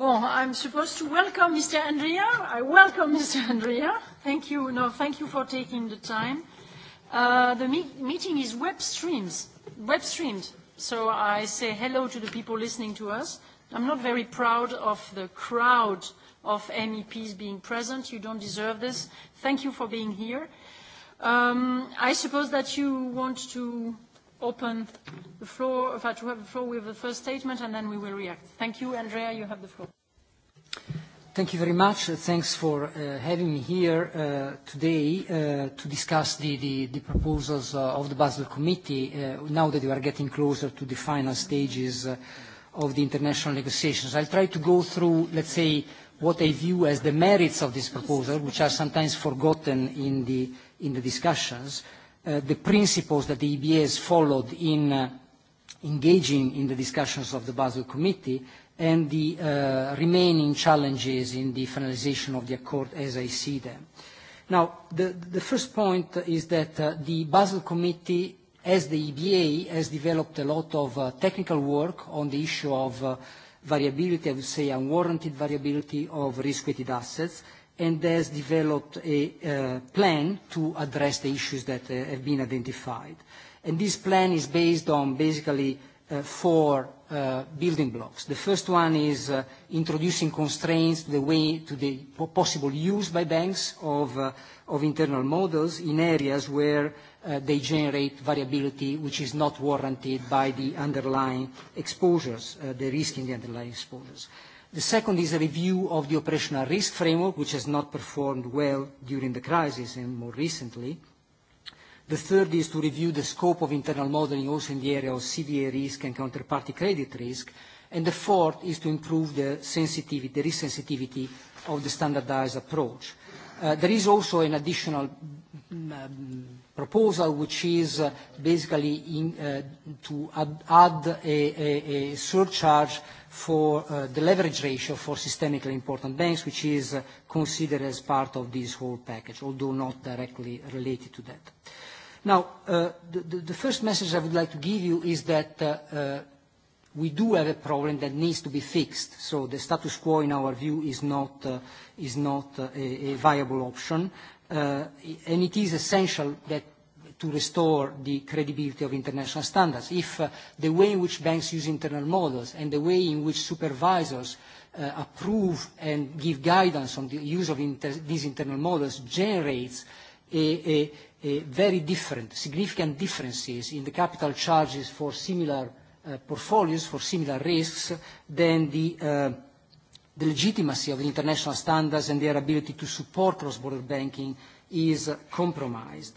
Bon, I'm supposed to welcome Mr. Andrea. I welcome Mr. Andrea. Thank you. No, thank you for taking the time. Uh, the me- meeting is web streams, web streamed. So I say hello to the people listening to us. I'm not very proud of the crowd of MEPs being present. You don't deserve this. Thank you for being here. Um, I suppose that you want to open the floor, to have the floor with the first statement, and then we will react. Thank you. Andrea, you have the floor. Thank you very much. Thanks for uh, having me here uh, today uh, to discuss the, the, the proposals uh, of the Basel Committee uh, now that we are getting closer to the final stages uh, of the international negotiations. I'll try to go through, let's say, what I view as the merits of this proposal, which are sometimes forgotten in the, in the discussions, uh, the principles that the EBA has followed in uh, engaging in the discussions of the Basel Committee, and the uh, remaining challenges in the finalization of the accord as I see them. Now, the, the first point is that uh, the Basel Committee, as the EBA, has developed a lot of uh, technical work on the issue of uh, variability, I would say unwarranted variability of risk-weighted assets, and has developed a plan to address the issues that have been identified. And This plan is based on basically four building blocks. The first one is introducing constraints to the way to the possible use by banks of internal models in areas where they generate variability which is not warranted by the underlying exposures, the risk in the underlying exposures. The second is a review of the operational risk framework, which has not performed well during the crisis and more recently. The third is to review the scope of internal modeling also in the area of CVA risk and counterparty credit risk. And the fourth is to improve the sensitivity, the risk sensitivity of the standardized approach. There is also an additional proposal, which is basically to add a surcharge for the leverage ratio for systemically important banks, which is considered as part of this whole package, although not directly related to that. Now, the, the first message I would like to give you is that we do have a problem that needs to be fixed. So the status quo, in our view, is not, a, a viable option. and it is essential that to restore the credibility of international standards. If the way in which banks use internal models and the way in which supervisors approve and give guidance on the use of these internal models generates a very different, significant differences in the capital charges for similar portfolios, for similar risks, than the legitimacy of the international standards and their ability to support cross-border banking is compromised.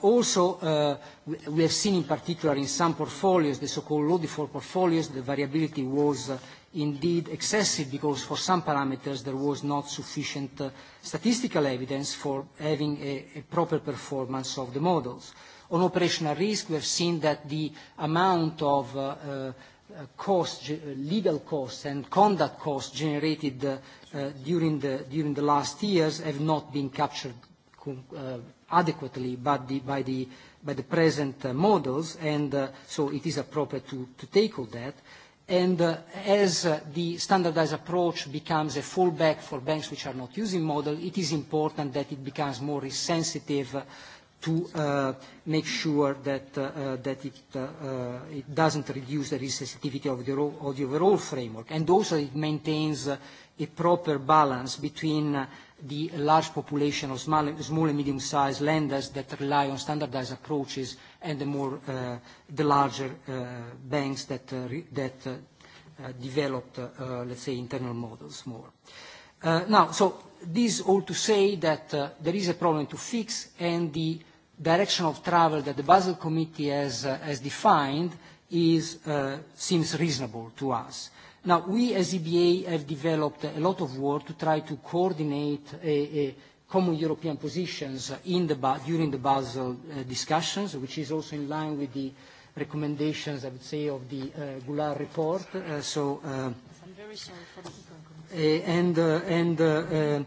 Also, we have seen in particular in some portfolios, the so-called low default portfolios, the variability was indeed excessive because for some parameters there was not sufficient statistical evidence for having a proper performance of the models. On operational risk, we have seen that the amount of legal costs and conduct costs generated during the last years have not been captured adequately by the, by the, by the present uh, models, and uh, so it is appropriate to, to take all that. And uh, as uh, the standardized approach becomes a fallback for banks which are not using model, it is important that it becomes more sensitive uh, to uh, make sure that, uh, that it, uh, uh, it doesn't reduce the risk sensitivity of the, of the overall framework, and also it maintains uh, a proper balance between uh, the large population of small and medium-sized lenders that rely on standardized approaches and the more the larger banks that developed, let's say, internal models more. Now, so this all to say that there is a problem to fix, and the direction of travel that the Basel Committee has defined seems reasonable to us. Now, we as EBA have developed a lot of work to try to coordinate a, a common European positions in the, during the Basel uh, discussions, which is also in line with the recommendations, I would say, of the uh, Goulart report. Uh, so, uh, I'm very sorry for the and, uh, and, uh, uh,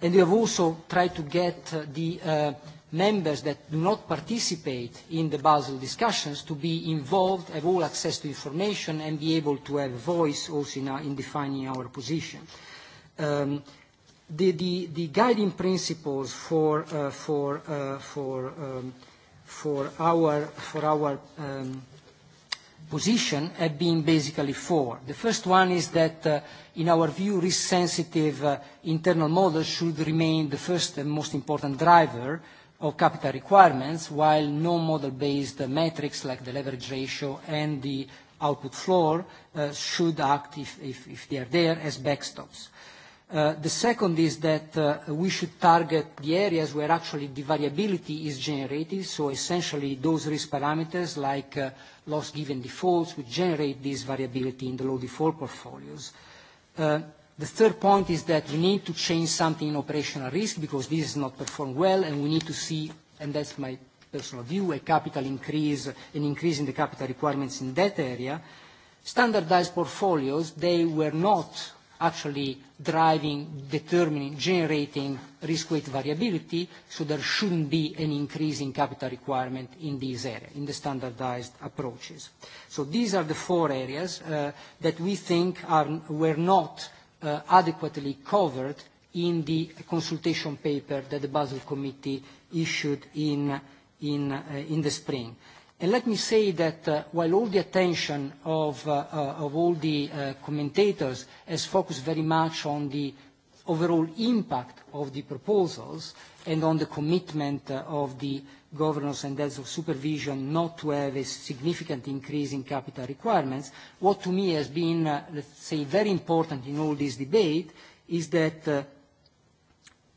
and we have also tried to get the uh, members that do not participate in the Basel discussions to be involved, have all access to information, and be able to have a voice also in, our, in defining our position. Um, the, the, the guiding principles for, uh, for, uh, for, um, for our, for our um, position have been basically four. The first one is that, uh, in our view, risk-sensitive uh, internal models should remain the first and most important driver of capital requirements, while non-model-based metrics like the leverage ratio and the output floor should act, if they are there, as backstops. The second is that we should target the areas where actually the variability is generated, so essentially those risk parameters like loss given defaults, which generate this variability in the low default portfolios. The third point is that we need to change something in operational risk because this is not performed well, and we need to see, and that's my personal view, a capital increase, an increase in the capital requirements in that area. Standardized portfolios, they were not actually driving, determining, generating risk-weight variability, so there shouldn't be an increase in capital requirement in this area, in the standardized approaches. So these are the four areas that we think are were not adequately covered in the consultation paper that the Basel Committee issued in, in, uh, in the spring. And let me say that uh, while all the attention of, uh, uh, of all the uh, commentators has focused very much on the overall impact of the proposals and on the commitment of the governance and heads of supervision not to have a significant increase in capital requirements, what to me has been, let's say, very important in all this debate is that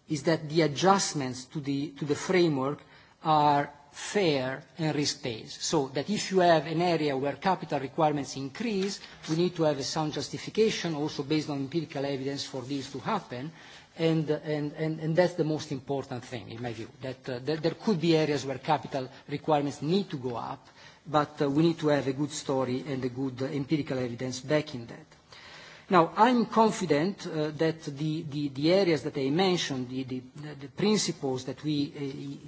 is that the adjustments to the framework are fair and risk-based. So that if you have an area where capital requirements increase, we need to have a sound justification also based on empirical evidence for this to happen. And, that's the most important thing, in my view, that, there could be areas where capital requirements need to go up, but we need to have a good story and a good empirical evidence backing that. Now, I'm confident that the areas that I mentioned, the principles that we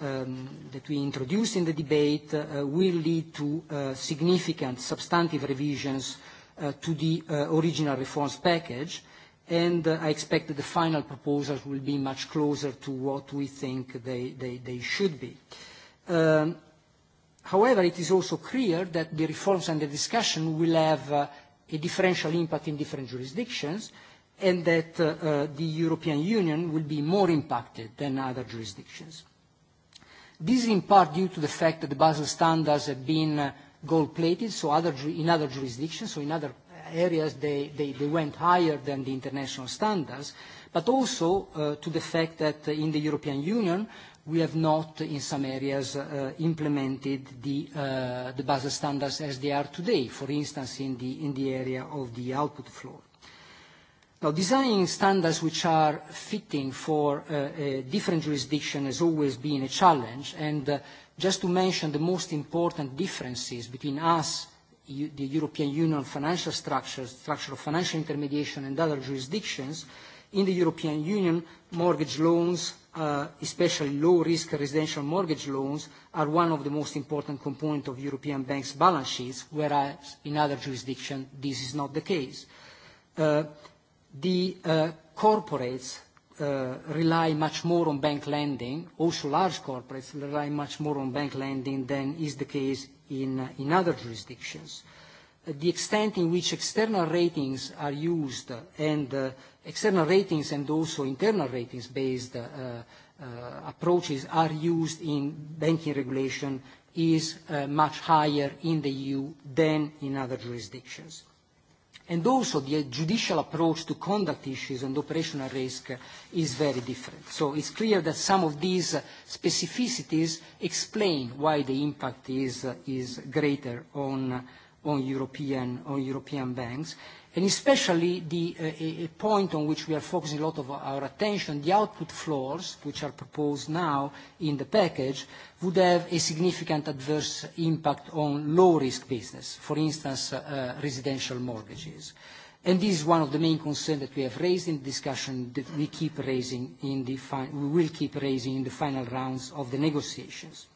that we introduced in the debate will lead to significant substantive revisions to the original reforms package, and I expect that the final proposals will be much closer to what we think they should be. However, it is also clear that the reforms and the discussion will have a differential impact in different jurisdictions, and that the European Union will be more impacted than other jurisdictions. This is in part due to the fact that the Basel standards have been gold-plated, so other in other jurisdictions, so in other areas, they they they went higher than the international standards, but also to the fact that in the European Union, we have not, in some areas, implemented the Basel standards as they are today, for instance, in the area of the output floor. Now, designing standards which are fitting for uh, a different jurisdiction has always been a challenge, and uh, just to mention the most important differences between us, the European Union financial structure, structure of financial intermediation and other jurisdictions, in the European Union, mortgage loans, uh, especially low-risk residential mortgage loans, are one of the most important components of European banks' balance sheets, whereas in other jurisdictions this is not the case. Uh, the corporates rely much more on bank lending, also large corporates rely much more on bank lending than is the case in, other jurisdictions. The extent in which external ratings are used and external ratings and also internal ratings-based approaches are used in banking regulation is much higher in the EU than in other jurisdictions and also the judicial approach to conduct issues and operational risk is very different. So it's clear that some of these specificities explain why the impact is, is greater on, on, European, on European banks and especially the a point on which we are focusing a lot of our attention, the output floors, which are proposed now in the package, would have a significant adverse impact on low-risk business, for instance, residential mortgages. And This is one of the main concerns that we have raised in the discussion that we keep raising in the we will keep raising in the final rounds of the negotiations.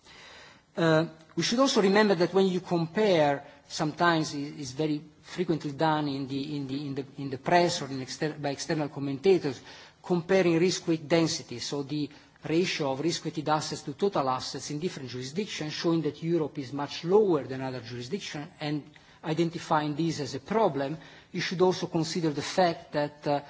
We should also remember that when you compare, sometimes it's very frequently done in the, in the, in the, in the press or in exter- by external commentators, comparing risk-weight density, so the ratio of risk-weighted assets to total assets in different jurisdictions, showing that Europe is much lower than other jurisdictions, and identifying this as a problem, you should also consider the fact that uh,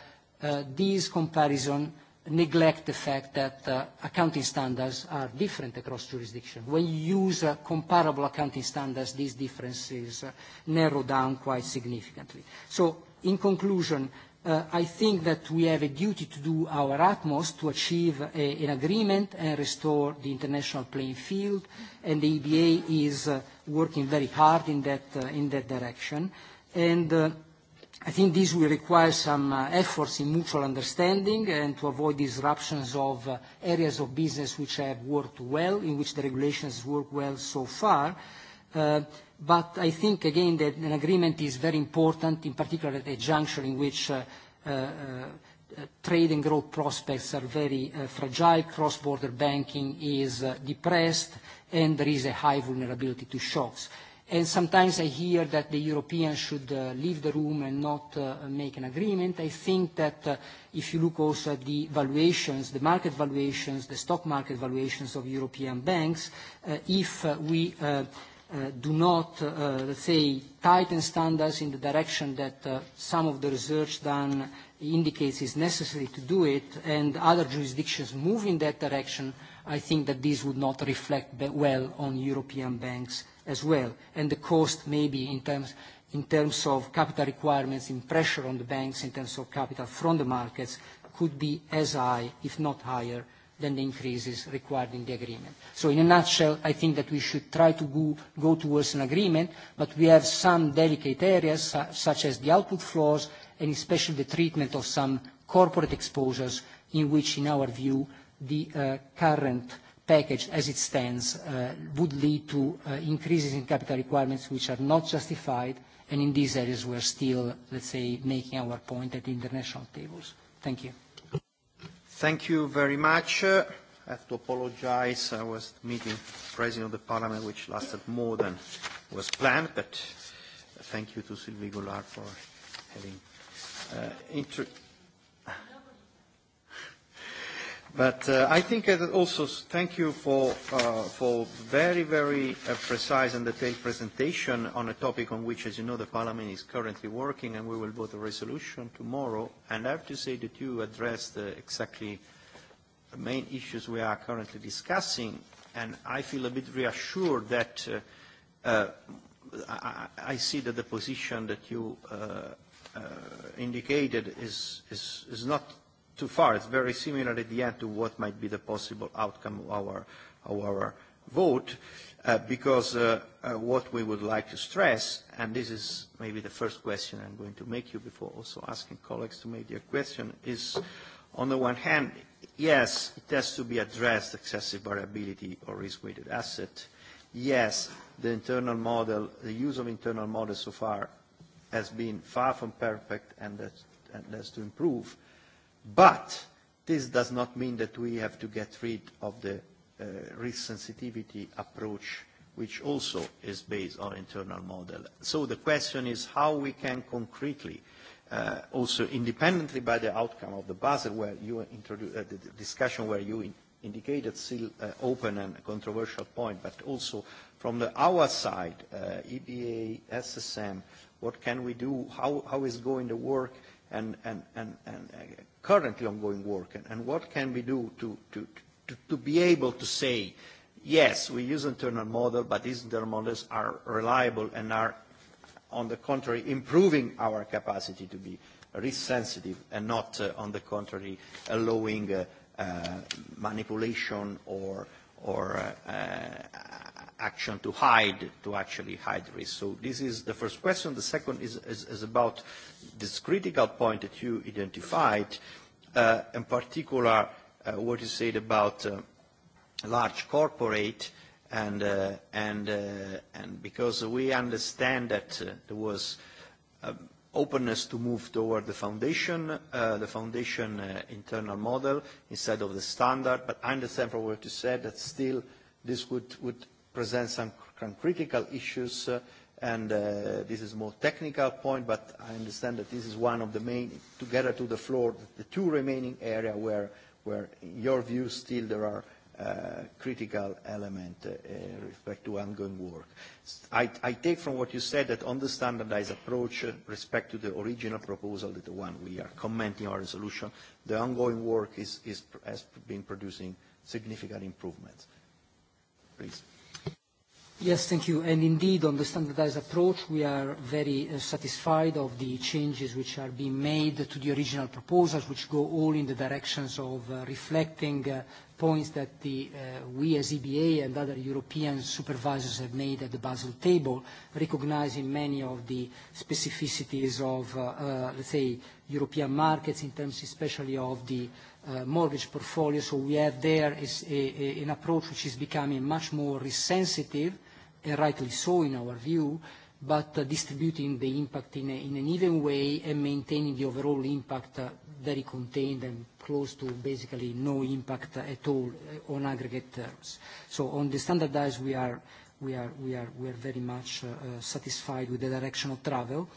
uh, these uh, neglect the fact that accounting standards are different across jurisdictions. When you use comparable accounting standards, these differences narrow down quite significantly. So, in conclusion, I think that we have a duty to do our utmost to achieve an agreement and restore the international playing field, and the EBA is working very hard in that, direction. And... I think this will require some uh, efforts in mutual understanding and to avoid disruptions of uh, areas of business which have worked well, in which the regulations work well so far. Uh, but I think, again, that an agreement is very important, in particular at a juncture in which uh, uh, uh, trade and growth prospects are very uh, fragile, cross-border banking is uh, depressed, and there is a high vulnerability to shocks. And sometimes I hear that the Europeans should uh, leave the room and not uh, make an agreement. I think that uh, if you look also at the valuations, the market valuations, the stock market valuations of European banks, uh, if uh, we uh, uh, do not, uh, let's say, tighten standards in the direction that uh, some of the research done indicates is necessary to do it, and other jurisdictions move in that direction, I think that this would not reflect well on European banks' as well, the cost maybe in terms in terms of capital requirements, and pressure on the banks, in terms of capital from the markets, could be as high, if not higher, than the increases required in the agreement. So in a nutshell, I think that we should try to go, towards an agreement, but we have some delicate areas, such as the output floors, and especially the treatment of some corporate exposures, in which, in our view, the current package as it stands would lead to increases in capital requirements which are not justified, and in these areas, we're still, let's say, making our point at the international tables. Thank you. Thank you very much. I have to apologize. I was meeting the President of the Parliament, which lasted more than was planned, but thank you to Sylvie Goulard for having But uh, I think that also thank you for, uh, for very, very uh, precise and detailed presentation on a topic on which, as you know, the Parliament is currently working and we will vote a resolution tomorrow. And I have to say that you addressed uh, exactly the main issues we are currently discussing. And I feel a bit reassured that uh, uh, I, I see that the position that you uh, uh, indicated is, is, is not too far. It's very similar at the end to what might be the possible outcome of our, our vote, uh, because uh, uh, what we would like to stress, and this is maybe the first question I'm going to make you before also asking colleagues to make their question, is on the one hand, yes, it has to be addressed, excessive variability or risk-weighted asset. Yes, the internal model, the use of internal models so far has been far from perfect and that's, and to improve. But this does not mean that we have to get rid of the uh, risk sensitivity approach which also is based on internal model. So the question is how we can concretely, uh, also independently by the outcome of the Basel, where you introduced uh, the discussion where you in indicated still uh, open and controversial point, but also from the our side, uh, EBA, SSM, what can we do, how, how is going the work and, and, and, and currently ongoing work and, and what can we do to, to, to, to be able to say, yes, we use internal model, but these internal models are reliable and are, on the contrary, improving our capacity to be risk sensitive and not, uh, on the contrary, allowing uh, uh, manipulation or, or uh, uh, action to hide, to actually hide risk. So this is the first question. The second is, is, is about this critical point that you identified, uh, in particular uh, what you said about uh, large corporate and, uh, and, uh, and because we understand that uh, there was um, openness to move toward the foundation, uh, the foundation uh, internal model instead of the standard, but I understand from what you said that still this would, would present some critical issues, uh, and uh, this is more technical point, but I understand that this is one of the main, together to the floor, the two remaining area where, where in your view, still there are uh, critical element uh, uh, respect to ongoing work. I, I take from what you said that on the standardized approach uh, respect to the original proposal, that the one we are commenting our resolution, the ongoing work is, is, has been producing significant improvements. Please. Yes, thank you. And Indeed, on the standardized approach, we are very satisfied of the changes which are being made to the original proposals, which go all in the directions of reflecting points that we as EBA and other European supervisors have made at the Basel table, recognizing many of the specificities of, let's say, European markets in terms especially of the mortgage portfolio. So we have there is a, a, an approach which is becoming much more risk-sensitive, and rightly so in our view, but uh, distributing the impact in, a, in an even way and maintaining the overall impact uh, very contained and close to basically no impact at all uh, on aggregate terms. So on the standardized, we are, we are, we are, we are very much uh, satisfied with the direction of travel. Uh,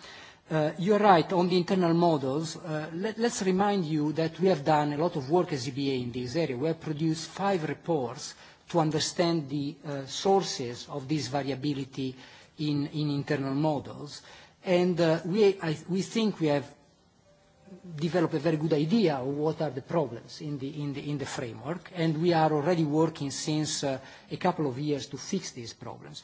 You're right on the internal models. Let's remind you that we have done a lot of work as EBA in this area. We have produced five reports to understand the sources of this variability in internal models. and We think we have developed a very good idea of what are the problems in the framework, and we are already working since a couple of years to fix these problems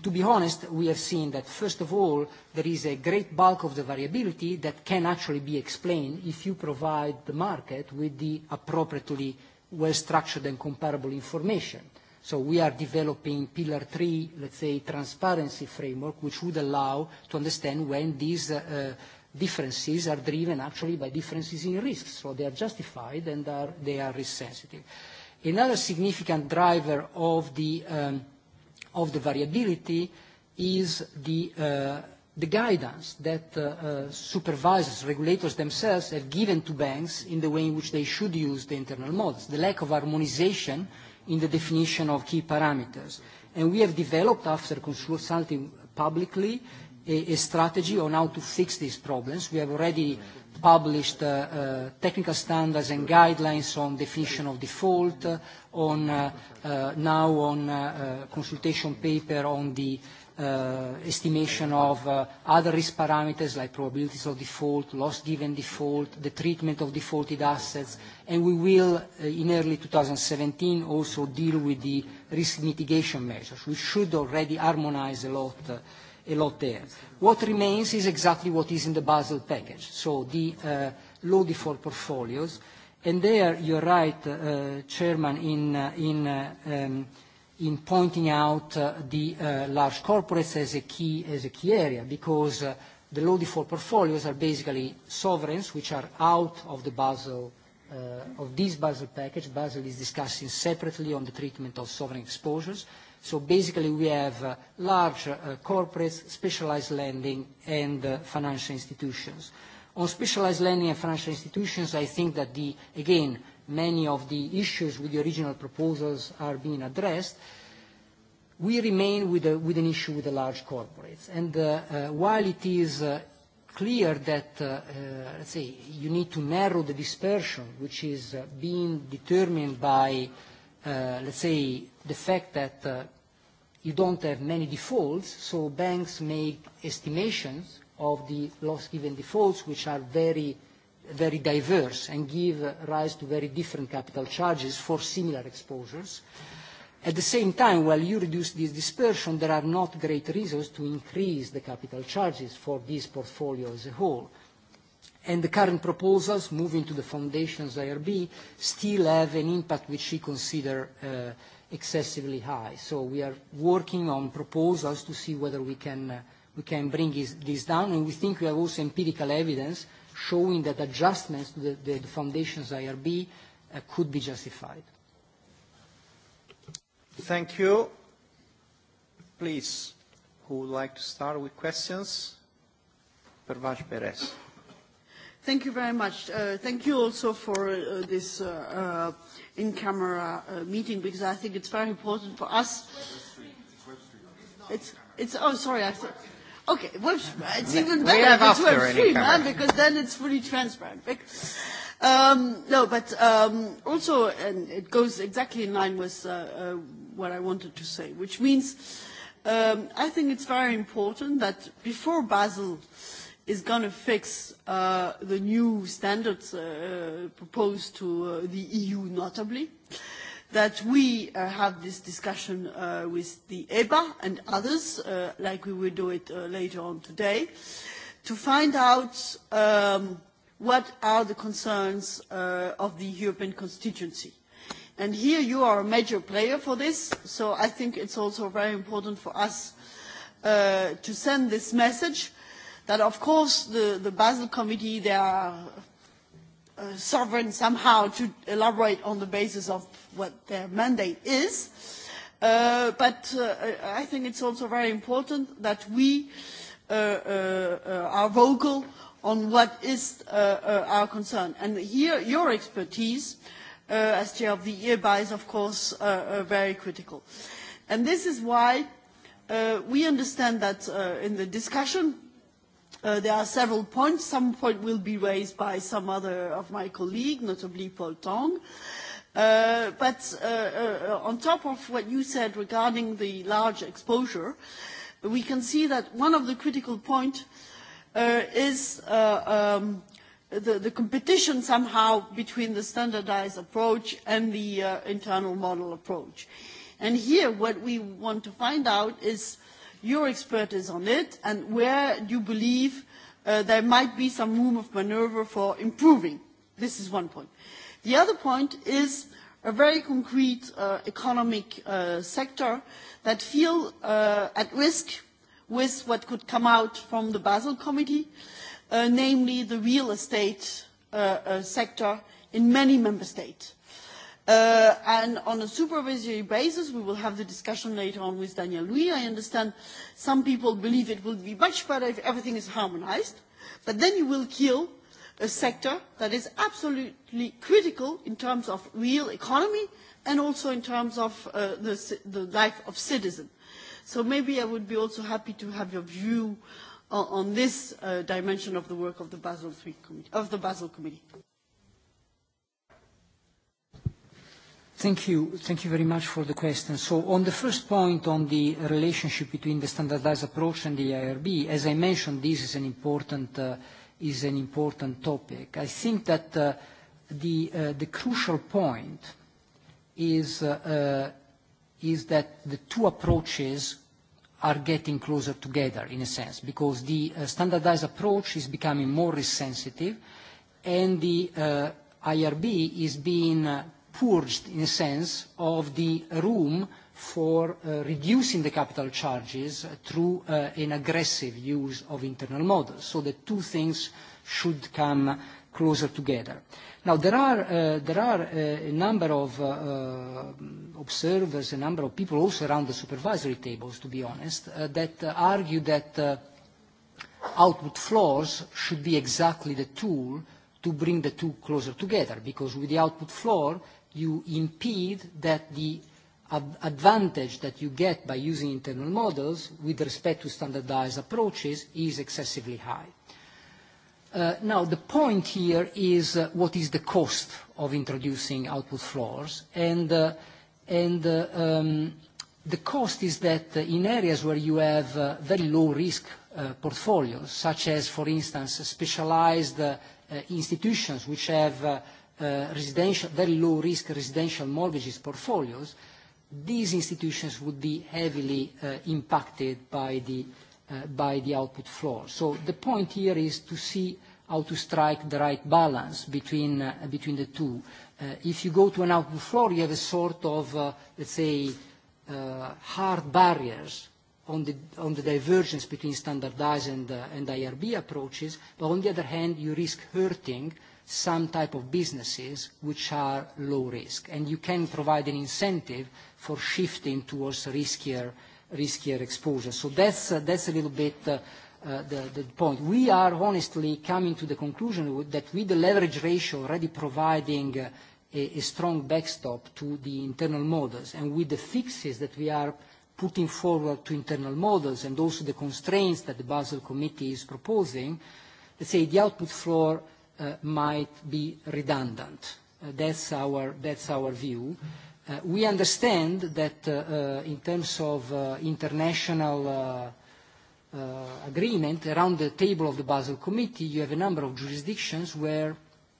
to be honest, we have seen that, first of all, there is a great bulk of the variability that can actually be explained if you provide the market with the appropriately well-structured and comparable information. So we are developing Pillar 3, let's say, transparency framework, which would allow to understand when these differences are driven actually by differences in risks. So they are justified and they are risk sensitive. Another significant driver of the of the variability is the, uh, the guidance that uh, uh, supervisors, regulators themselves have given to banks in the way in which they should use the internal models, the lack of harmonization in the definition of key parameters. And we have developed, after consulting publicly, a strategy on how to fix these problems. We have already published technical standards and guidelines on definition of default, on now on consultation paper on the estimation of other risk parameters like probabilities of default, loss given default, the treatment of defaulted assets. and We will, in early 2017, also deal with the risk mitigation measures. We should already harmonize a lot a lot there. What remains is exactly what is in the Basel package, so the uh, default portfolios. And there, you're right, uh, Chairman, in, uh, in, uh, um, in pointing out uh, the uh, large corporates as a key, as a key area, because uh, the low default portfolios are basically sovereigns which are out of the Basel uh, of this Basel package. Basel is discussing separately on the treatment of sovereign exposures. So basically we have large corporates, specialized lending, and financial institutions. On specialized lending and financial institutions, I think that, the again, many of the issues with the original proposals are being addressed. We remain with an issue with the large corporates. And while it is clear that, let's say, you need to narrow the dispersion, which is being determined by let's say, the fact that uh, you don't have many defaults, so banks make estimations of the loss given defaults, which are very, very diverse and give rise to very different capital charges for similar exposures. At the same time, while you reduce this dispersion, there are not great reasons to increase the capital charges for this portfolio as a whole and the current proposals moving to the foundation's IRB still have an impact which we consider uh, excessively high. So we are working on proposals to see whether we can, uh, we can bring this down, and we think we have also empirical evidence showing that adjustments to the, the, the foundation's IRB uh, could be justified. Thank you. Please, who would like to start with questions? Pervash Perez. Thank you very much. Uh, thank you also for uh, this uh, uh, in-camera uh, meeting because I think it's very important for us. It's, it's oh sorry I thought okay well, it's even better if it's web stream huh, because then it's fully transparent. Um, no, but um, also and it goes exactly in line with uh, uh, what I wanted to say, which means um, I think it's very important that before Basel. Uh, is going to fix uh, the new standards uh, proposed to uh, the EU notably, that we uh, have this discussion uh, with the EBA and others, uh, like we will do it uh, later on today, to find out um, what are the concerns uh, of the European constituency. And here you are a major player for this, so I think it's also very important for us uh, to send this message that of course the, the Basel Committee, they are uh, sovereign somehow to elaborate on the basis of what their mandate is. Uh, but uh, I think it's also very important that we uh, uh, are vocal on what is uh, uh, our concern. And here, your expertise uh, as chair of the EBA is, of course, uh, uh, very critical. And this is why uh, we understand that uh, in the discussion there are several points. Some point will be raised by some other of my colleagues, notably Paul Tong. Uh, but uh, uh, on top of what you said regarding the large exposure, we can see that one of the critical points uh, is uh, um, the, the competition somehow between the standardized approach and the uh, internal model approach. And here what we want to find out is Your expert is on it, and where you believe there might be some room of maneuver for improving. This is one point. The other point is a very concrete economic sector that feel at risk with what could come out from the Basel Committee, namely the real estate sector in many member states and on a supervisory basis, we will have the discussion later on with Daniel Louis. I understand some people believe it would be much better if everything is harmonized, but then you will kill a sector that is absolutely critical in terms of real economy and also in terms of the, life of citizens. So maybe I would be also happy to have your view on, this dimension of the work of the Basel Committee. Thank you. Thank you very much for the question. So on the first point, on the relationship between the standardized approach and the IRB, as I mentioned, this is an important, topic. I think that the, the crucial point is, that the two approaches are getting closer together, in a sense, because the standardized approach is becoming more risk-sensitive, and the uh, IRB is being purged in a sense of the room for reducing the capital charges through an aggressive use of internal models. So the two things should come closer together. Now, there are a number of observers, a number of people also around the supervisory tables, to be honest, that argue that output floors should be exactly the tool to bring the two closer together, because with the output floor, you impede that the advantage that you get by using internal models with respect to standardized approaches is excessively high. Now, the point here is what is the cost of introducing output floors? And the cost is that in areas where you have very low risk portfolios, such as, for instance, specialized institutions which have residential, very low-risk residential mortgages portfolios, these institutions would be heavily impacted by the output floor. So the point here is to see how to strike the right balance between the two. If you go to an output floor, you have a sort of, let's say, hard barriers on the divergence between standardized and IRB approaches. But on the other hand, you risk hurting some type of businesses which are low risk. And you can provide an incentive for shifting towards riskier, riskier exposure. So that's, that's a little bit uh, the, the point. We are honestly coming to the conclusion that with the leverage ratio already providing uh, a, a strong backstop to the internal models and with the fixes that we are putting forward to internal models and also the constraints that the Basel Committee is proposing, let's say the output floor might be redundant. That's our view. We understand that in terms of international agreement, around the table of the Basel Committee, you have a number of jurisdictions where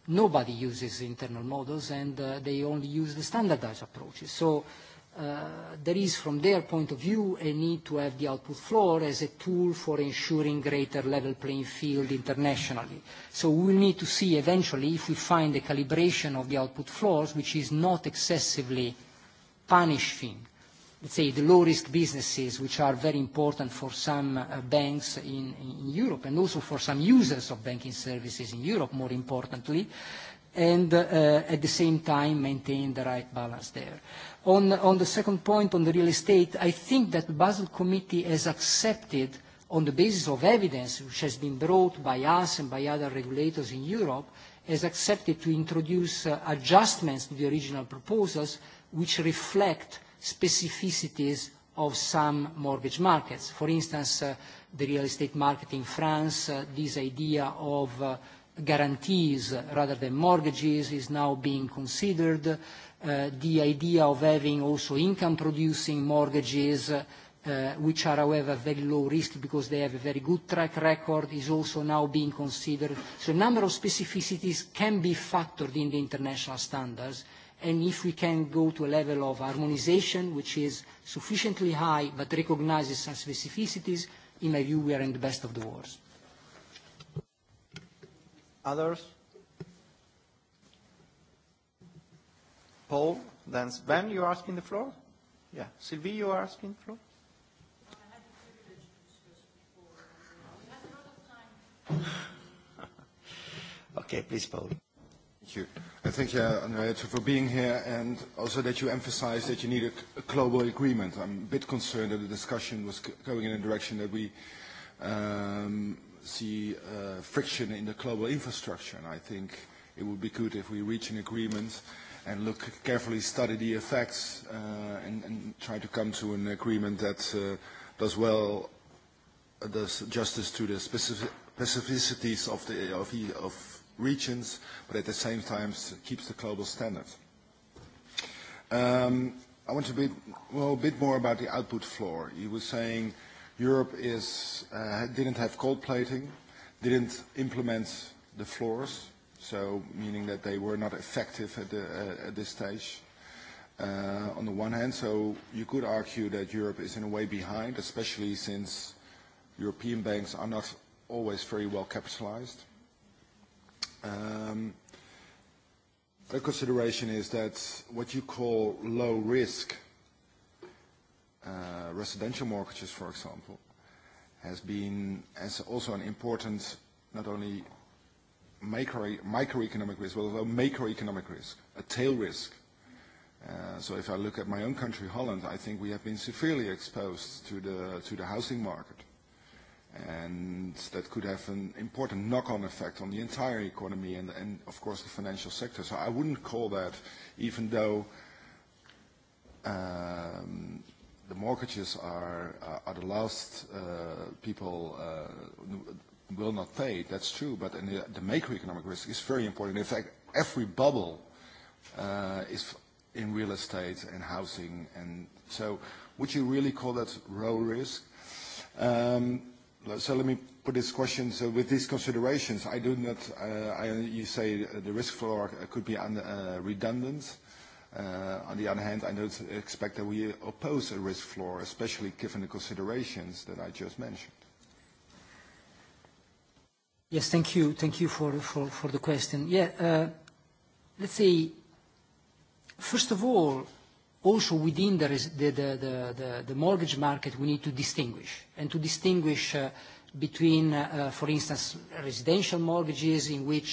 nobody uses internal models, and they only use the standardized approaches. So there is, from their point of view, a need to have the output floor as a tool for ensuring greater level playing field internationally. So we will need to see eventually if we find a calibration of the output floors which is not excessively punishing, let's say, the low-risk businesses, which are very important for some uh, banks in, in Europe and also for some users of banking services in Europe, more importantly, and uh, at the same time maintain the right balance there. Uh, On, on the second point, on the real estate, I think that the Basel Committee has accepted, on the basis of evidence which has been brought by us and by other regulators in Europe, has accepted to introduce uh, adjustments to the original proposals which reflect specificities of some mortgage markets. For instance, uh, the real estate market in France, uh, this idea of uh, guarantees rather than mortgages is now being considered the idea of having also income-producing mortgages, which are, however, very low risk because they have a very good track record, is also now being considered. So a number of specificities can be factored in the international standards, and if we can go to a level of harmonization, which is sufficiently high but recognizes some specificities, in my view, we are in the best of the worlds. Others? Paul, then Sven, you're asking the floor? Yeah. Sylvie, you are asking the floor? Okay, please, Paul. Thank you. I thank you, Andrea, for being here, and also that you emphasize that you need a global agreement. I'm a bit concerned that the discussion was going in a direction that we um, see uh, friction in the global infrastructure, and I think it would be good if we reach an agreement uh, and look carefully study the effects uh, and, and try to come to an agreement that uh, does well uh, does justice to the specific specificities of the of, of regions, but at the same time keeps the global standard. Um, I want to be well a bit more about the output floor. You were saying Europe is uh, didn't have cold plating, didn't implement the floors, so meaning that they were not effective at, the, uh, at this stage. Uh, on the one hand, so you could argue that Europe is in a way behind, especially since European banks are not always very well capitalized. Um, a consideration is that what you call low risk uh, residential mortgages, for example, has been also an important not only microeconomic risk, but also macroeconomic risk, a tail risk. Uh, so if I look at my own country, Holland, I think we have been severely exposed to the, to the housing market. And that could have an important knock-on effect on the entire economy and, and, of course, the financial sector. So I wouldn't call that, even though um, the mortgages are, are the last uh, people, uh, will not pay. That's true, but in the, the macroeconomic risk is very important. In fact, every bubble uh, is in real estate and housing, and so would you really call that low risk? Um, so let me put this question. So with these considerations, I do not. Uh, I, you say the risk floor could be un, uh, redundant. Uh, on the other hand, I don't expect that we oppose a risk floor, especially given the considerations that I just mentioned. Yes, thank you. Thank you for for for the question. Yeah, let's say, first of all, also within the the the the the mortgage market, we need to distinguish, and to distinguish between, for instance, residential mortgages in which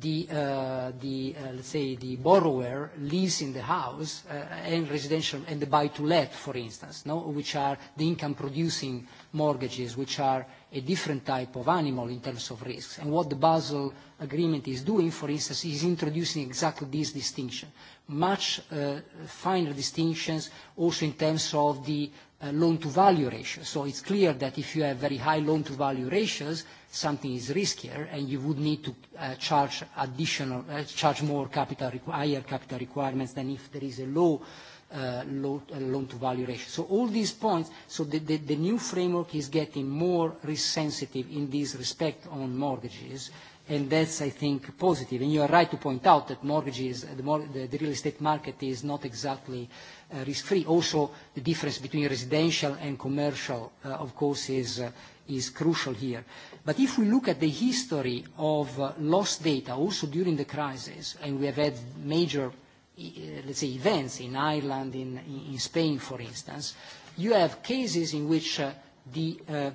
the, uh the uh let's say, the borrower lives in the house, uh and residential and the buy-to-let, for instance, no? Which are the income-producing mortgages, which are a different type of animal in terms of risks. And what the Basel Agreement is doing, for instance, is introducing exactly this distinction, much uh, finer distinctions also in terms of the uh, loan-to-value ratio. So it's clear that if you have very high loan-to-value ratios, something is riskier, and you would need to uh, charge additional, uh, charge more capital, higher capital requirements than if there is a low uh, loan-to-value ratio. So all these points, so the, the, the new framework is getting more risk-sensitive in this respect on mortgages, and that's, I think, positive. And you are right to point out that mortgages, the, the, the real estate market is not exactly risk-free. Also, the difference between residential and commercial, of course, is, is crucial here. But if we look at the history of loss lost data, also during the crisis, and we have had major – let's say, events in Ireland, in, in Spain, for instance, you have cases in which uh, the, uh,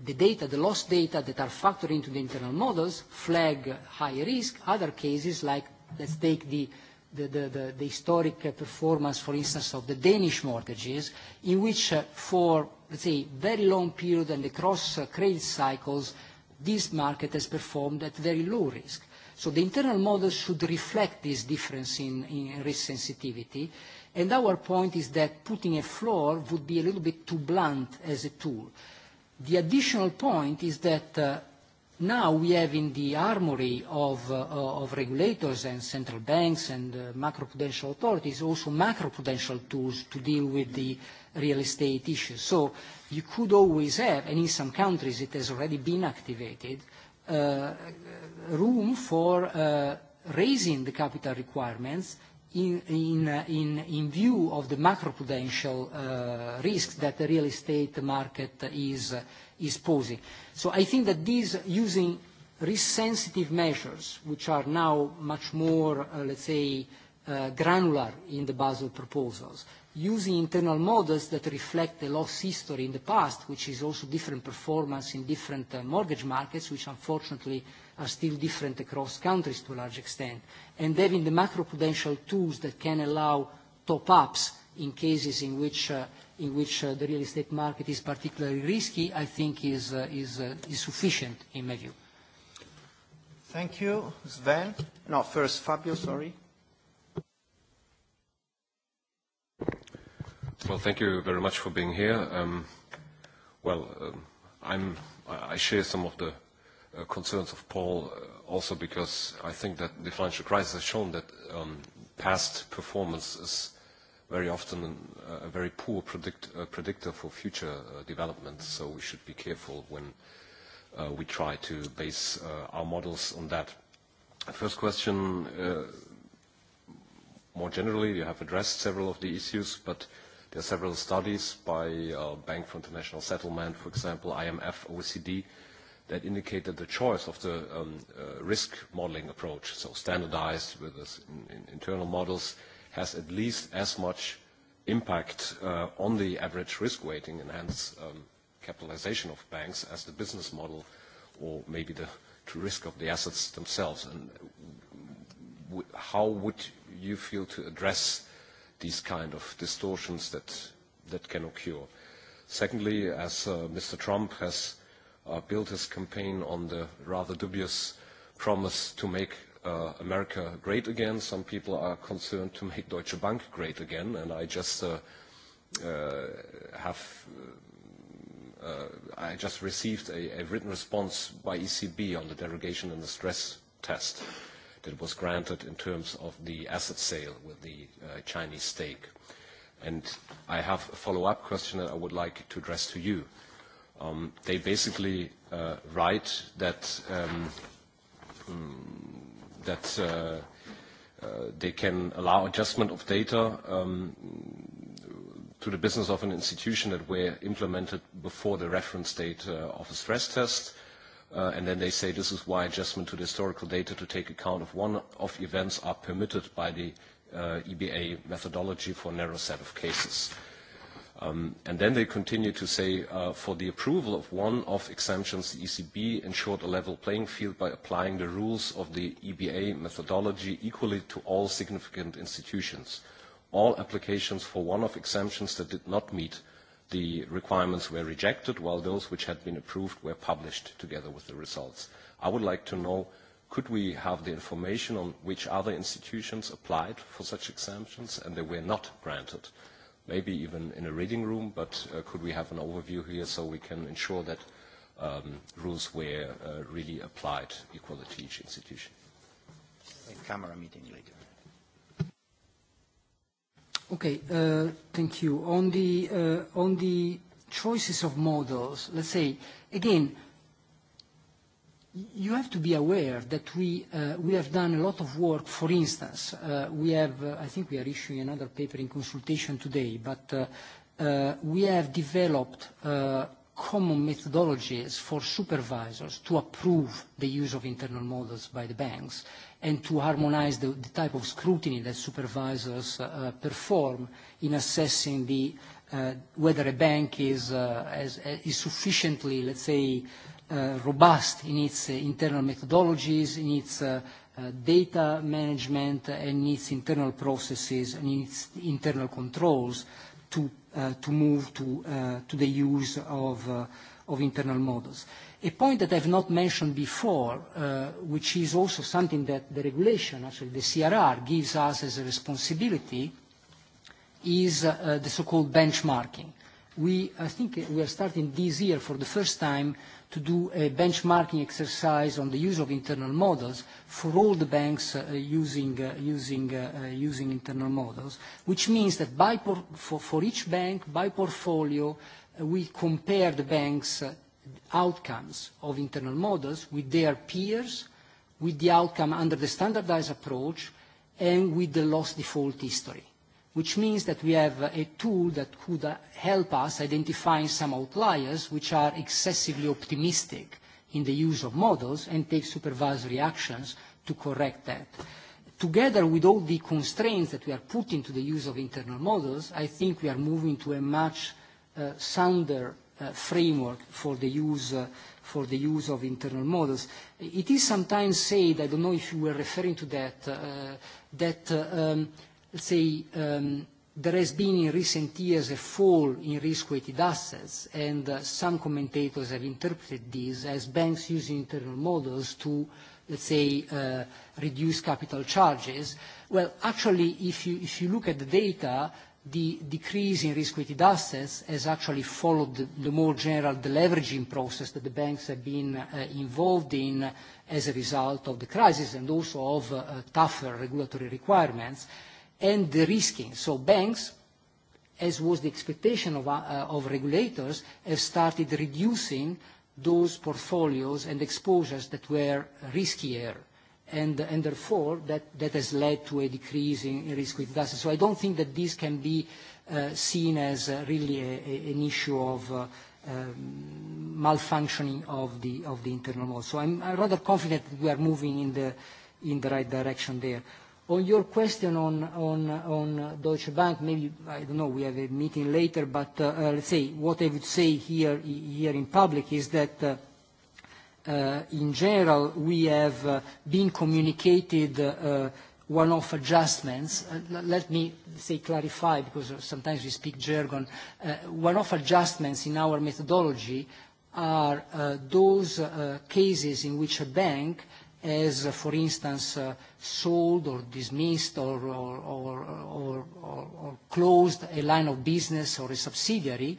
the data, the lost data that are factored into the internal models flag high risk. Other cases, like let's take the, the, the, the, the historic performance, for instance, of the Danish mortgages, in which uh, for, let's say, very long period and across uh, credit cycles, this market has performed at very low risk. So the internal model should reflect this difference in, in risk sensitivity. And our point is that putting a floor would be a little bit too blunt as a tool. The additional point is that uh, now we have in the armory of, uh, of regulators and central banks and uh, macroprudential authorities also macroprudential tools to deal with the real estate issues. So you could always have, and in some countries it has already been activated, uh, uh, room for uh, raising the capital requirements in, in, uh, in, in view of the macroprudential uh, risks that the real estate market is, uh, is posing. So I think that these using risk-sensitive measures, which are now much more, uh, let's say, uh, granular in the Basel proposals, using internal models that reflect the loss history in the past, which is also different performance in different uh, mortgage markets, which unfortunately are still different across countries to a large extent, and having the macroprudential tools that can allow top-ups in cases in which, uh, in which uh, the real estate market is particularly risky, I think is, uh, is, uh, is sufficient in my view. Thank you. Sven? No, first Fabio, sorry. Well, thank you very much for being here. Um, well, um, I'm, I share some of the uh, concerns of Paul uh, also because I think that the financial crisis has shown that um, past performance is very often a very poor predict, uh, predictor for future uh, development, so we should be careful when uh, we try to base uh, our models on that. First question, uh, more generally, you have addressed several of the issues, but There are several studies by uh, Bank for International Settlement, for example, IMF, OECD, that indicate that the choice of the um, uh, risk modeling approach, so standardized with this in, in internal models, has at least as much impact uh, on the average risk weighting and hence um, capitalization of banks as the business model or maybe the true risk of the assets themselves. And how would you feel to address these kind of distortions that, that can occur. Secondly, as uh, Mr. Trump has uh, built his campaign on the rather dubious promise to make uh, America great again, some people are concerned to make Deutsche Bank great again, and I just uh, uh, have uh, I just received a, a written response by ECB on the derogation and the stress test. Uh, that was granted in terms of the asset sale with the Chinese stake. And I have a follow-up question that I would like to address to you. They basically write that that they can allow adjustment of data to the business of an institution that were implemented before the reference date of a stress test and then they say this is why adjustment to the historical data to take account of one-off events are permitted by the uh, EBA methodology for a narrow set of cases. Um, and then they continue to say, uh, for the approval of one-off exemptions, the ECB ensured a level playing field by applying the rules of the EBA methodology equally to all significant institutions. All applications for one-off exemptions that did not meet the requirements were rejected, while those which had been approved were published together with the results. I would like to know, could we have the information on which other institutions applied for such exemptions and they were not granted? Maybe even in a reading room, but could we have an overview here so we can ensure that rules were really applied equally to each institution? camera meeting later. Okay, thank you. On the, choices of models, let's say, again, you have to be aware that we, uh, we have done a lot of work. For instance, uh, we have, I think we are issuing another paper in consultation today, but uh, we have developed uh, common methodologies for supervisors to approve the use of internal models by the banks and to harmonize the, the type of scrutiny that supervisors uh, perform in assessing the, uh, whether a bank is, uh, as, is sufficiently, let's say, uh, robust in its uh, internal methodologies, in its uh, uh, data management, and its internal processes and its internal controls to, move to, the use of, internal models. A point that I've not mentioned before, which is also something that the regulation, actually the CRR, gives us as a responsibility, is the so-called benchmarking. We, I think we are starting this year for the first time to do a benchmarking exercise on the use of internal models for all the banks using internal models, which means that for each bank, by portfolio, we compare the bank's outcomes of internal models with their peers, with the outcome under the standardized approach, and with the loss default history which means that we have a tool that could help us identify some outliers which are excessively optimistic in the use of models and take supervisory actions to correct that. Together with all the constraints that we are putting to the use of internal models, I think we are moving to a much sounder framework for the use for the use of internal models. It is sometimes said, I don't know if you were referring to that, that let's say, there has been in recent years a fall in risk-weighted assets, and some commentators have interpreted this as banks using internal models to, let's say, reduce capital charges. Well, actually, if you look at the data, the decrease in risk-weighted assets has actually followed the more general deleveraging process that the banks have been involved in as a result of the crisis and also of tougher regulatory requirements and de-risking. So banks, as was the expectation of, uh, of regulators, have started reducing those portfolios and exposures that were riskier. And, and therefore, that, that has led to a decrease in, in risk-weighted assets. So I don't think that this can be uh, seen as uh, really a, a, an issue of uh, um, malfunctioning of the, of the internal model. So I'm, I'm rather confident that we are moving in the, in the right direction there. On your question on Deutsche Bank, maybe, I don't know, we have a meeting later, but let's say what I would say here here in public is that in general, we have been communicated one-off adjustments. Let me say clarify, because sometimes we speak jargon. One-off adjustments in our methodology are those cases in which a bank as, for instance, sold or dismissed or, or, or, or, or, or closed a line of business or a subsidiary,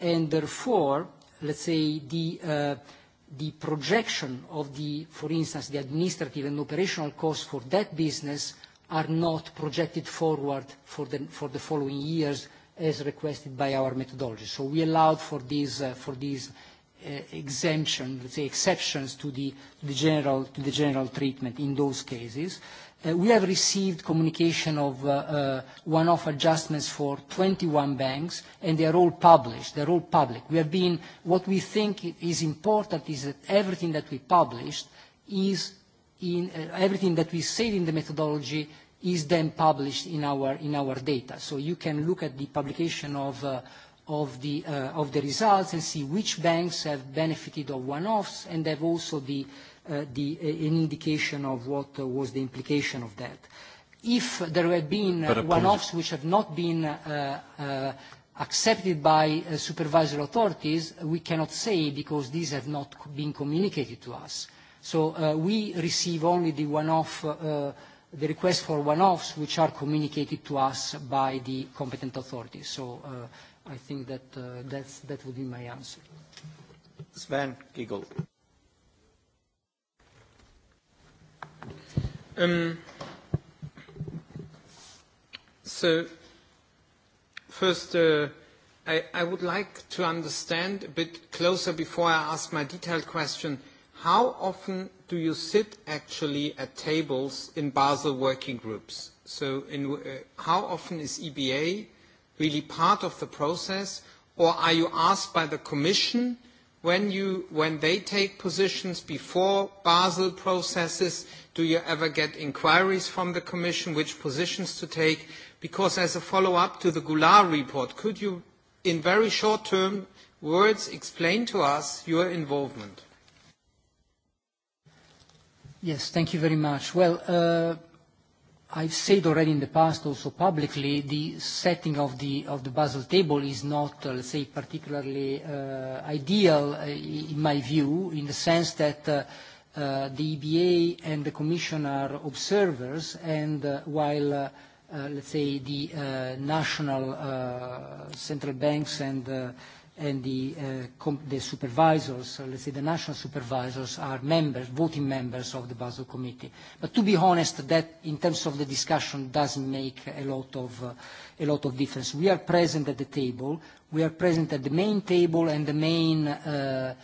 and therefore, let's say, the, uh, the projection of the, for instance, the administrative and operational costs for that business are not projected forward for the, for the following years as requested by our methodology. So we allowed for these, uh, for these exemption, let's say exceptions to the, the, general, to the general treatment in those cases. Uh, we have received communication of uh, uh, one-off adjustments for 21 banks, and they are all published. They're all public. We have been, what we think is important is that everything that we published is in, uh, everything that we said in the methodology is then published in our, in our data. So you can look at the publication of uh, of the, of the results and see which banks have benefited of one-offs and have also the, the, an indication of what was the implication of that. If there have been one-offs which have not been accepted by supervisory authorities, we cannot say because these have not been communicated to us. So we receive only the one-off the request for one-offs which are communicated to us by the competent authorities. So I think that uh, that's, that would be my answer. Sven Giegold. Um, so, first, uh, I, I would like to understand a bit closer before I ask my detailed question. How often do you sit actually at tables in Basel working groups? So, in, uh, how often is EBA really part of the process, or are you asked by the Commission when, you, when they take positions before Basel processes? Do you ever get inquiries from the Commission which positions to take? Because as a follow-up to the Goulart report, could you, in very short-term words, explain to us your involvement? Yes, thank you very much. Well, I've said already in the past, also publicly, the setting of the of the Basel table is not, uh, let's say, particularly uh, ideal uh, in my view, in the sense that uh, uh, the EBA and the Commission are observers, and uh, while uh, uh, let's say the uh, national uh, central banks and uh, and the, uh, the supervisors, let's say the national supervisors, are members, voting members of the Basel Committee. But to be honest, that in terms of the discussion doesn't make a lot of, uh, a lot of difference. We are present at the table. We are present at the main table and the main uh,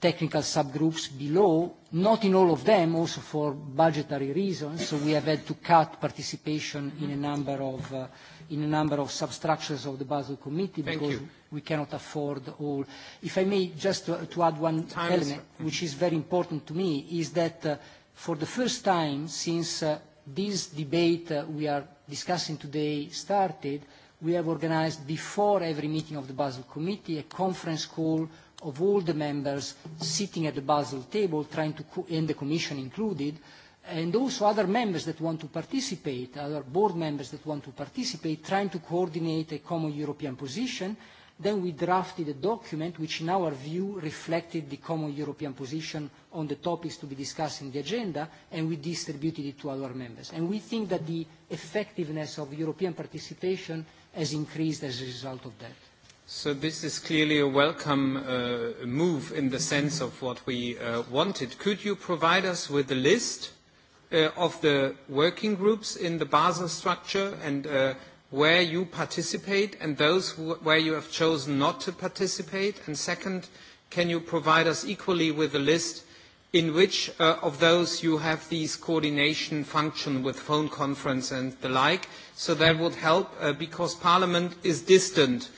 technical subgroups below Not in all of them, also for budgetary reasons, so we have had to cut participation in a number of uh, in a number of substructures of the Basel Committee Thank because you. we cannot afford all. If I may, just to, to add one Time element, is... which is very important to me, is that uh, for the first time since uh, this debate uh, we are discussing today started, we have organized before every meeting of the Basel Committee a conference call of all the members sitting at the Basel table, trying to, and the Commission included, and also other members that want to participate, other board members that want to participate, trying to coordinate a common European position. Then we drafted a document which, in our view, reflected the common European position on the topics to be discussed in the agenda, and we distributed it to our members. And we think that the effectiveness of European participation has increased as a result of that. So this is clearly a welcome uh, move in the sense of what we uh, wanted. Could you provide us with a list uh, of the working groups in the Basel structure and uh, where you participate and those who, where you have chosen not to participate? And second, can you provide us equally with a list in which uh, of those you have these coordination function with phone conference and the like? So that would help uh, because Parliament is distant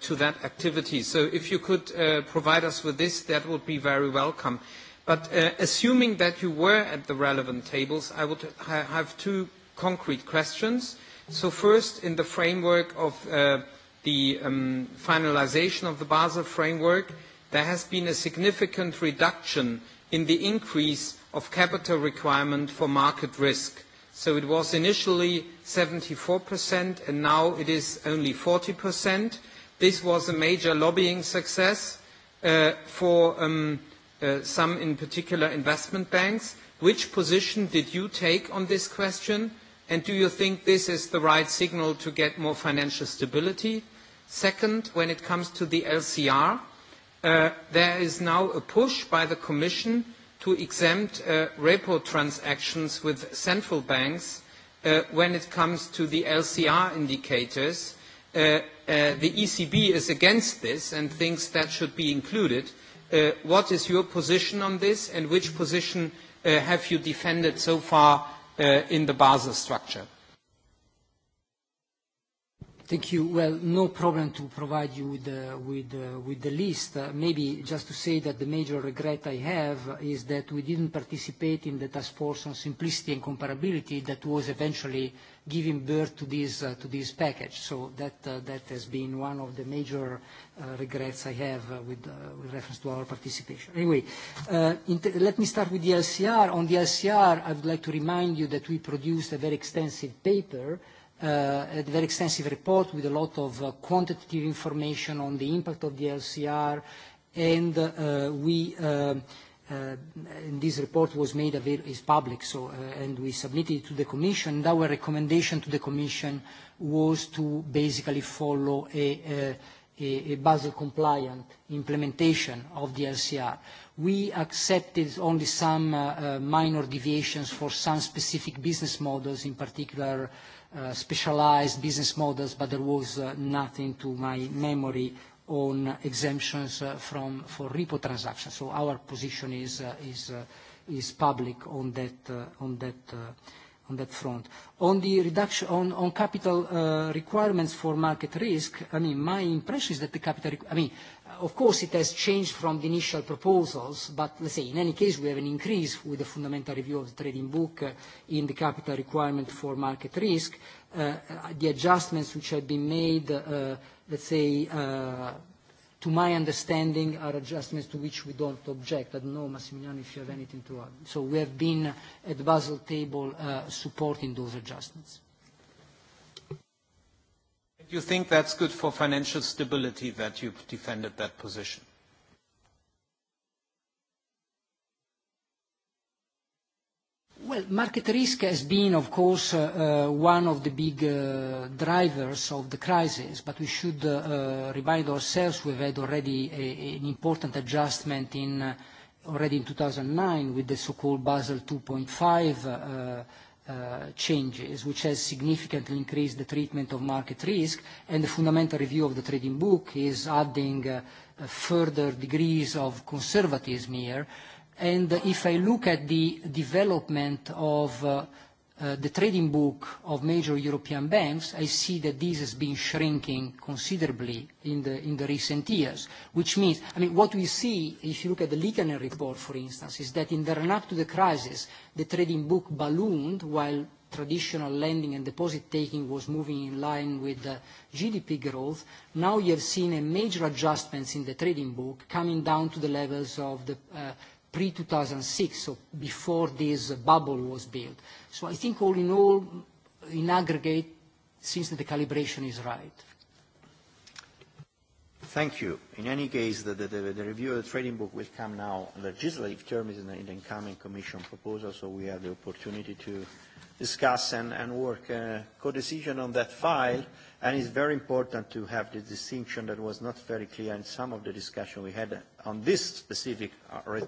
to that activity. So if you could uh, provide us with this, that would be very welcome. But uh, assuming that you were at the relevant tables, I would ha have two concrete questions. So first, in the framework of uh, the um, finalization of the Basel framework, there has been a significant reduction in the increase of capital requirement for market risk. So it was initially 74%, and now it is only 40%. This was a major lobbying success for some, in particular, investment banks. Which position did you take on this question? And do you think this is the right signal to get more financial stability? Second, when it comes to the LCR, there is now a push by the Commission to exempt repo transactions with central banks when it comes to the LCR indicators the ECB is against this and thinks that should be included. what is your position on this and which position have you defended so far in the Basel structure? Thank you. Well, no problem to provide you with the, with uh, with the list. Uh, maybe just to say that the major regret I have is that we didn't participate in the task force on simplicity and comparability that was eventually uh, giving birth to this, uh, to this package. So that, uh, that has been one of the major uh, regrets I have uh, with, uh, with reference to our participation. Anyway, uh, in let me start with the LCR. On the LCR, I would like to remind you that we produced a very extensive paper uh, a very extensive report with a lot of uh, quantitative information on the impact of the LCR, and uh, we uh, and this report was made available, is public, so, and we submitted it to the Commission. And our recommendation to the Commission was to basically follow a, a, a Basel compliant implementation of the LCR. We accepted only some uh, minor deviations for some specific business models, in particular uh, specialized business models, but there was uh, nothing to my memory on exemptions from for repo transactions. So our position is public on that front. On the reduction on on capital requirements for market risk, I mean, my impression is that the capital, I mean, of course, it has changed from the initial proposals, but let's say, in any case, we have an increase with the fundamental review of the trading book in the capital requirement for market risk. The adjustments which have been made let's say, uh, to my understanding, are adjustments to which we don't object. I don't know, Massimiliano, if you have anything to add. So we have been at the Basel table uh, supporting those adjustments. You think that's good for financial stability that you've defended that position? Well, market risk has been, of course, one of the big drivers of the crisis, but we should remind ourselves we've had already an important adjustment in already in 2009 with the so-called Basel 2.5 changes, which has significantly increased the treatment of market risk, and the fundamental review of the trading book is adding further degrees of conservatism here And if I look at the development of uh, uh, the trading book of major European banks, I see that this has been shrinking considerably in the, in the recent years, which means, I mean, what we see, if you look at the Liikanen report, for instance, is that in the run-up to the crisis, the trading book ballooned while traditional lending and deposit taking was moving in line with the GDP growth. Now you have seen a major adjustments in the trading book coming down to the levels of the pre-2006, so before this bubble was built. So I think all in all, in aggregate, since the calibration is right. Thank you. In any case, the, the, the, the review of the trading book will come now. Legislative term is in the, in the incoming commission proposal, so we have the opportunity to discuss and, and work uh, co-decision on that file. Mm-hmm And it's very important to have the distinction that was not very clear in some of the discussion we had on this specific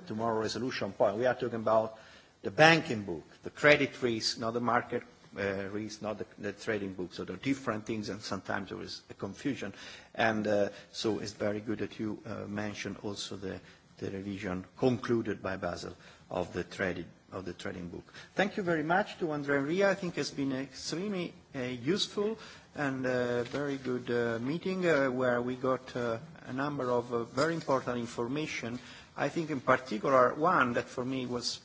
tomorrow resolution point. We are talking about the banking book, the credit risk, not the market uh, risk, not the, the trading book. So there are different things, and sometimes there is a confusion. And uh, so it's very good that you uh, mentioned also the, the revision concluded by Basel of the trading of the trading book. Thank you very much to Andrea and Ria. I think it's been extremely uh, useful and a very good uh, meeting uh, where we got uh, a number of uh, very important information. I think in particular one that for me was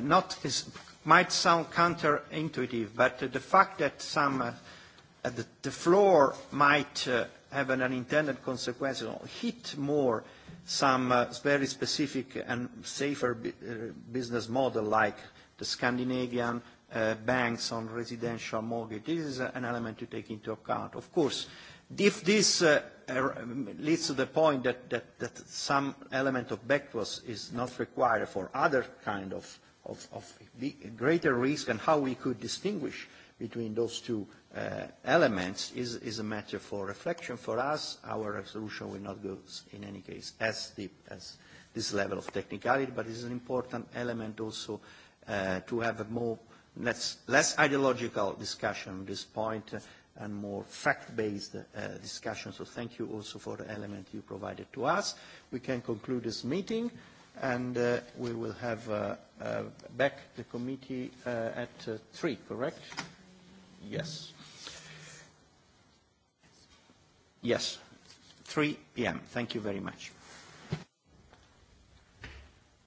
not is, might sound counterintuitive, but uh, the fact that some uh, at the, the floor might uh, have an unintended consequence or hit more some uh, very specific and safer b uh, business model like the Scandinavian uh, banks on residential mortgage. This is an element to take into account. Of course, if this uh, leads to the point that, that, that some element of backwards is not required for other kind of, of, of greater risk and how we could distinguish between those two uh, elements is, is a matter for reflection. For us, our resolution will not go, in any case, as deep as this level of technicality, but it's an important element also uh, to have a more, less, less ideological discussion on this point uh, and more fact-based uh, discussion. So thank you also for the element you provided to us. We can conclude this meeting and uh, we will have uh, uh, back the committee uh, at uh, 3, correct? Yes. Yes, 3 p.m. Thank you very much.